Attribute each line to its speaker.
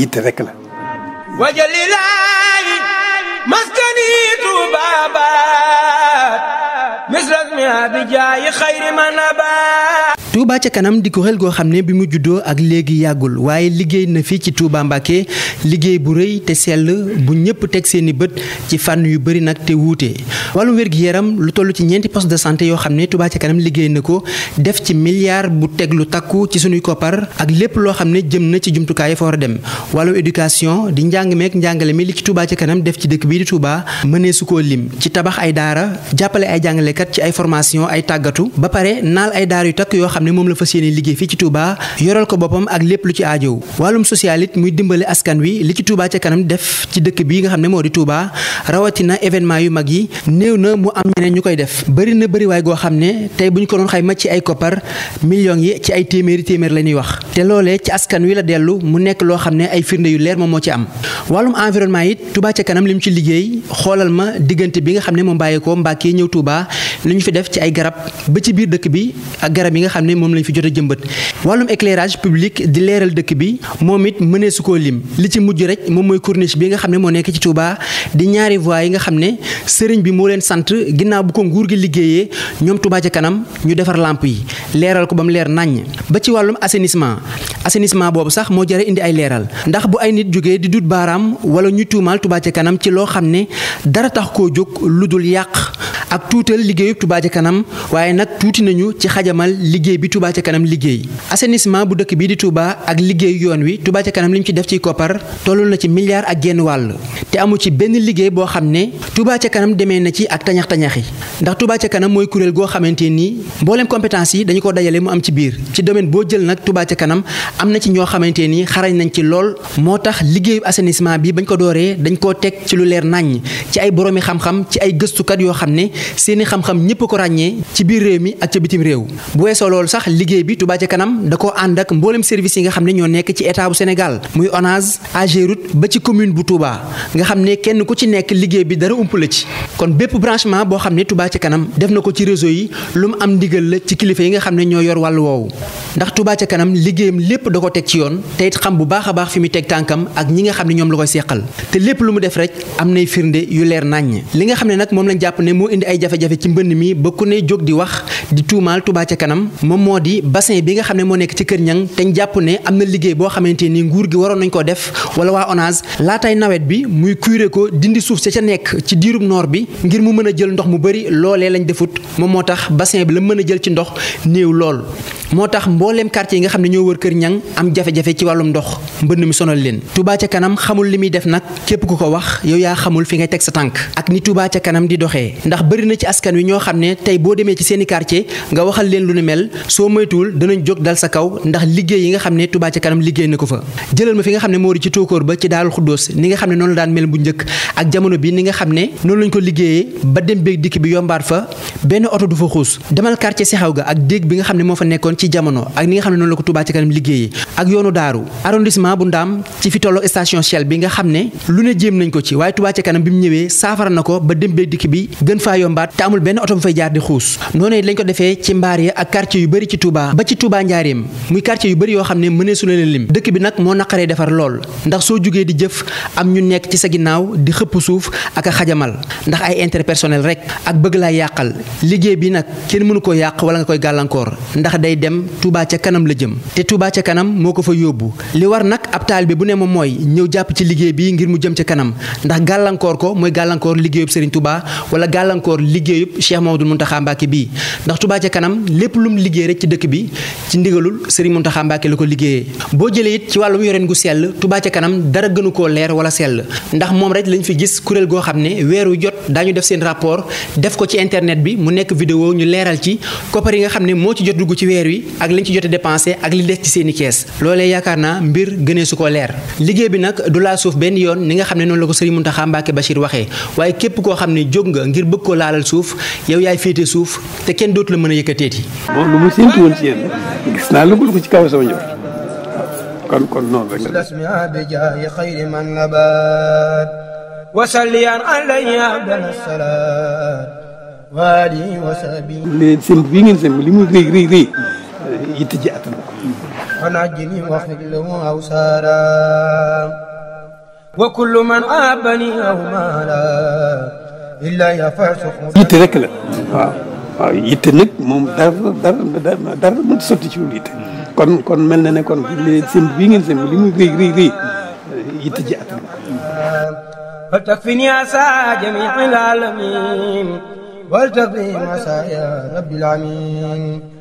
Speaker 1: yitte rek la. wajalilaayi maskani tuuba baat misras mi abijaayi xayri ma nabaat Touba ca kanam di kuréel goo xam ne bi mu juddoo ak léegi yàggul waaye liggéey na fi ci Touba Mbacké liggéey bu rëy te sell bu ñëpp teg seeni bët ci fànn yu bëri nag te wuute wàllum wér yaram lu toll ci ñeenti poste de santé yoo xam ne Touba ca kanam liggéey na ko def ci milliard bu teg lu takku ci sunuy koppar ak lépp loo xam ne jëm na ci jumtukaay yi a dem wàllum éducation di njàng meek njàngale mi li ci Touba ca kanam def ci dëkk bii di Touba mënee su koo lim ci tabax ay daara jàppale ay jàngalekat ci ay formation ay tàggatu xam moom la fa yéene liggéey fii ci Touba yoral ko boppam ak lépp lu ci aajow wàllum social muy dimbali askan wi li ci Touba ca kanam def ci dëkk bi nga xam ne moo di Touba rawatina événement yu mag yi néew na mu am ñeneen ñu koy def bëri na bëriwaay goo xam ne tey bu ñu ko doon xayma ci ay koppar millions yi ci ay téeméeri téeméer la ñuy wax te loole ci askan wi la dellu mu nekk loo xam ne ay firnde yu leer moom moo ci am wàllum environnement it Touba ca kanam li mu ci liggéey xoolal ma diggante bi nga xam ne moom bàyyeekoo Mbàkke ñëw Touba li ñu fi def ci ay garab ba ci biir dëkk bi ak garab yi nga xam ne moom lañ fi jot a jëmbat wàllum éclairage public di leeral dëkk bi moom it mënee su koo lim li ci mujj rek moom mooy corniche bi nga xam ne moo nekk ci Touba di ñaari voies yi nga xam ne sëriñ bi moo leen sant ginnaaw bu ko nguur gi liggéeyee ñoom Touba ca kanam ñu defar lamp yi leeral ko ba mu leer naññ ba ci wàllum assainissement assainissement boobu sax moo jare indi ay leeral ndax bu ay nit jógee di dut baaraam wala ñu tuumaal Touba ca kanam ci loo xam ne dara tax koo jóg lu dul yàq ak tuutal liggéeyub Touba ca kanam waaye nag tuuti nañu ci xajamal liggéey bi Touba ca kanam liggéey assainissement bu dëkk bii di Touba ak liggéey yoon wi Touba ca kanam li ñu ci def ci koppar tollul na ci milliard ak genn wàll te amu ci benn liggéey boo xam ne Touba ca kanam demee na ci ak tañax tañaxi ndax Touba ca kanam mooy kuréel goo xamante nii mbooleem compétence yi dañu ko dajale mu am ci biir ci domaine boo jël nag Touba ca kanam am na ci ñoo xamante ni xarañ nañ ci lool moo tax liggéeyu assainissement bi bañ ko dooree dañ koo teg ci lu leer naññ ci ay boroomi xam ci ay gëstukat yoo xam ne seeni xam-xam ñëpp ko ràññee ci biir réew mi ak ca bitim réew bu weesoo loolu sax liggéey bi Touba ca kanam da ko ànd ak mboolem service yi nga xam ne ñoo nekk ci état bu Sénégal muy ONAS AGEROUTE ba ci commune bu Touba nga xam ne kenn ku ci nekk liggéey bi dara ump la ci kon bépp branchement boo xam ne Touba ca kanam def na ko ci réseau yi lu mu am ndigal la ci kilifa yi nga xam ne ñoo yor wàllu woowu ndax Touba ca kanam liggéeyam lépp da ko teg ci yoon te xam bu baax a baax fi mu teg tànkam ak ñi nga xam ne ñoom la koy seqal ay jafe-jafe ci mbënn mi ba ku ne jóg di wax di tuumaal Touba ca kanam moom moo di bassin bi nga xam ne moo nekk ci Kër Ñang te ñu jàpp ne am na liggéey boo xamante ni nguur gi waroon nañ ko def wala waa ONAS laataay nawet bi muy kuure ko dindi suuf sa ca nekk ci diirub noor bi ngir mu mën a jël ndox mu bari loolee lañ defut moom moo tax bassin bi la mën a jël ci ndox néew lool moo tax mbooleem quartier yi nga xam ne ñoo war Kër ñan am jafe-jafe ci wàllu ndox mbënn mi sonal leen Touba ca kanam xamul li muy def nag képp sa tànk ak ni bëri na xam ne tey boo demee ci seen i nga waxal leen lu ni mel soo moytuwul danañ jóg dal sa kaw ndax liggéey yi nga xam ne Touba kanam liggéey na ko fa jëlal ma fi nga xam ne moo di ci tóokóor ba ci Daarul Xuddoos ni nga xam ne noonu la daan mel bu njëkk ak jamono bi ni nga xam ne noonu lañ ko liggéeyee ba dem béeg dikk bi yombaat fa benn oto du fa xuus demal quartier si ga ak déeg bi nga xam ne moo fa nekkoon ci jamono ak ni nga xam ne noonu la ko Touba kanam liggéeyee ak yoonu daaru arrondissement bu ndaam bi nga xam yombaat te amul benn oto bu fay jaar di xuus noonu lañ ko defee ci mbaar ya ak quartier yu bëri ci Touba ba ci Touba Njaareem muy quartier yu bëri yoo xam ne mëneesu la leen lim dëkk bi nag moo naqaree defar lool ndax soo jugee di jëf am ñu nekk ci sa ginnaaw di xëpp suuf ak a xajamal ndax ay intérêt personnel rek ak bëgg laa yàqal liggéey bi nag kenn mënu ko yàq wala nga koy gàllankoor ndax day dem Touba ca kanam la jëm te Touba ca kanam moo ko fa yóbbu li war nag ab taalibe bu ne moom mooy ñëw jàpp ci liggéey bi ngir mu jëm ca kanam ndax gàllankoor ko mooy gàllankoor liggéeyub Serigne encore liggéeyub Cheikh Mamadou Mountakha Mbacké bii ndax Touba ca kanam lépp lum liggéey rek ci dëkk bi ci ndigalul Serigne Mountakha Mbacké la ko liggéeyee boo jëlee it ci wàllum yoreen gu sell Touba ca kanam dara gënu koo leer wala sell ndax moom rek lañ fi gis kuréel goo xam ne weeru jot daañu def seen rapport def ko ci internet bi mu nekk vidéo ñu leeral ci koppar yi nga xam ne moo ci jot dugg ci weer wi ak lañ ci jote dépensé ak li des ci seeni kees loolee yaakaar naa mbir gënee su ko leer liggéey bi nag du laa suuf benn yoon ni nga xam ne noonu la ko Serigne Mountakha Mbacké Bachir waxee waaye képp koo laalal suuf yow yaay féete suuf te kenn dootu la mën a yëkkateeti. bon lu ma séntu woon ci yéen gis naa lu ko ci kaw sama njort kon kon noonu rek la. leen sëmb bii ngeen sëmb li mu rëy rëy rëy yitte ji attan ko wanajini waxilmu aw saara wa kullu man abani aw yitte rek la waaw waaw yitte nag moom dara dara dara mën sotti ci wul yitte kon kon mel na ne kon li sëmb bii ngeen sëmb li muy rëy rëy rëy yitte ji at فلتكفني عسى جميع العالمين ولتقضي مسايا رب العالمين